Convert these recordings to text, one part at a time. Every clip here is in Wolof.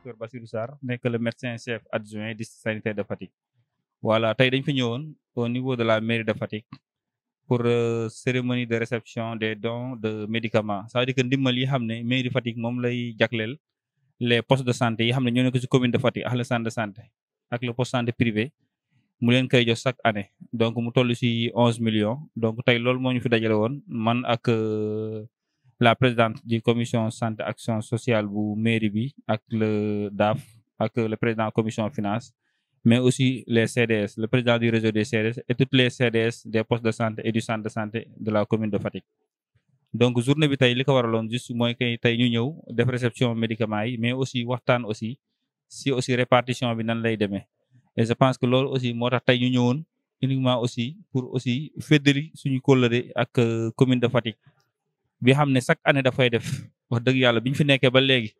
docteur Bassirou Sarr nekk le médecin chef adjoint district sanitaire de Fatick voilà tey dañ fi ñëwoon au niveau de la mairie de Fatick pour euh, cérémonie de réception des dons de médicaments ça veut dire yi xam ne mairie Fatick moom lay jagleel les postes de santé yi xam ne ñoo nekk ci commune de Fatick ak le centre de santé ak le poste santé privé mu leen koy jox chaque année donc mu toll ci onze millions donc tey loolu moo ñu fi dajale woon man ak euh, la présidente du commission santé action sociale bu mairie bi ak le DAF ak le président commission finance mais aussi les CDS le président du réseau des CDS et toutes les CDS des postes de santé et du centre de santé de la commune de Fatick. donc journée bi tey li ko waraloon juste mooy kay tey ñu ñëw def réception médicament yi mais aussi waxtaan aussi si aussi répartition bi nan lay demee. et je pense que loolu aussi moo tax tey ñu ñëwoon uniquement aussi pour aussi fédérer suñu kóllëre ak euh, commune de Fatick bi xam ne chaque année dafay def wax dëgg yàlla bi ñu fi nekkee ba léegi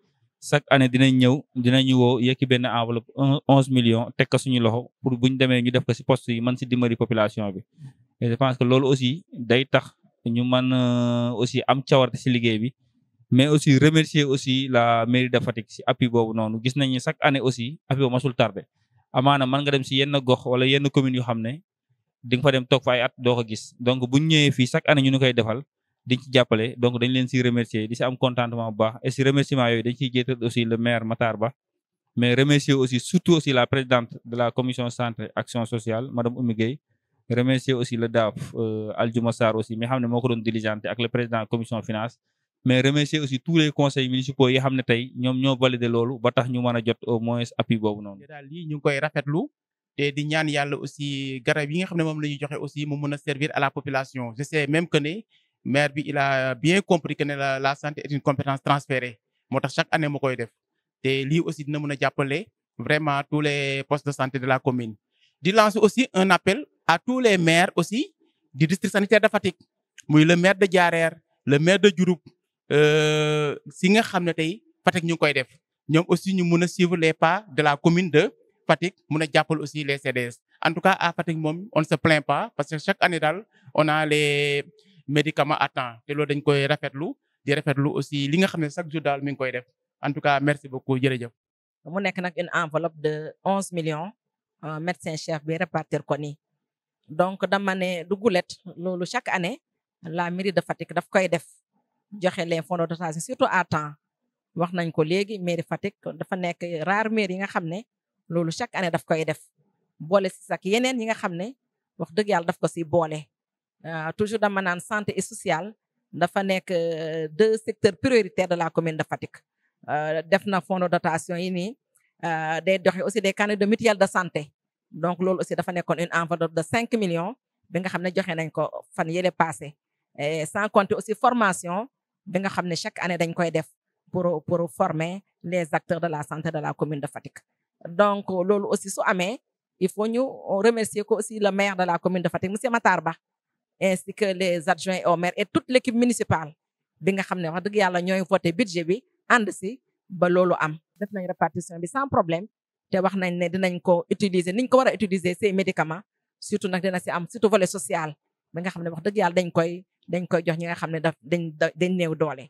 chaque année dinañ ñëw dinañu woo yekki benn enveloppe onze millions teg ko suñu loxo pour bu ñu demee ñu def ko si poste yi man si dimbali population bi et je pense que loolu aussi day tax ñu man euh, aussi am cawarte si liggéey bi mais aussi remercier aussi la mairie de Fatick si appui boobu noonu gis nañu chaque année aussi appui boobu masul tardé amaana man nga dem si yenn gox wala yenn commune yoo xam ne di nga fa dem toog fa ay at doo ko gis donc bu ñu ñëwee fii chaque année ñu ñu koy defal di ci jàppale donc dañ leen si remercier di si am contentement bu baax et si remerciement yooyu dañ ciy jéetal aussi le maire Matar Ba mais remercier aussi surtout aussi la présidente de la commission santé action sociale madame Oumy Gueye remercier aussi le DAF euh, Aldiouma aussi mi xam ne moo ko doon diligenté ak le président commission finance mais remercier aussi tous les conseils municipaux yi xam ne tey ñoom ñoo valider loolu ba tax ñu mën a jot au moins appui boobu noonu. daal lii ñu ngi koy rafetlu te di ñaan yàlla aussi garab yi nga xam ne moom la ñuy joxe aussi mu mën a servir à la population je sais même que maire bi il a bien compris que ne la la santé est une compétence transférée moo tax chaque année mu koy def te lii aussi dina mën a vraiment tous les postes de santé de la commune. di lancer aussi un appel à tous les aussi du district sanitaire de Fatick muy le maire si euh, nga xam ne tey Fatick ñu koy def ñoom aussi ñu mun a suivre les pas de la commune de Fatick mun a jàppal aussi les CDS en tout cas à Fatick moom on ne se plaint pas parce que chaque année daal on a les médicaments à te loolu dañ koy rafetlu di rafetlu aussi li nga xam ne chaque jour daal mi ngi koy def en tout cas merci beaucoup jërëjëf. mu nekk nag une enveloppe de onze millions euh, médecin chef bi répartir ko nii donc dama ne du gulet loolu chaque année la mairie de Fatick daf koy def. joxe les fonds de dotation surtout à temps wax nañ ko léegi mairie Fatick dafa nekk rare mairie yi nga xam ne loolu chaque année daf koy def boole si sax yeneen yi nga xam ne wax dëgg yàlla daf ko si boole euh, toujours ma naan santé et sociale dafa nekk euh, deux secteurs prioritaires de la commune de Fatick euh, def na fonds de dotation yi nii day joxe aussi des carnets de mutuelle de santé donc loolu aussi dafa nekkoon une enveloppe de cinq millions bi nga xam ne joxe nañ ko fan yële passé formation bi nga xam ne chaque année dañ koy def pour pour former les acteurs de la santé de la commune de Fatick. donc loolu aussi su amee il faut ñu remercier ko aussi le maire de la commune de Fatick monsieur Matar Ba ainsi que les adjoints au maire et toute l'équipe municipale bi nga xam ne wax dëgg yàlla ñooy voté budget bi ànd si ba loolu am. def nañ répartition bi sans problème te wax nañ ne dinañ ko utiliser niñ ko war a utiliser médicament médicaments surtout nag si am surtout volet social bi nga xam ne wax dëgg yàlla dañ koy. dañ koy jox ñi nga xam ne daf dañ néew doole.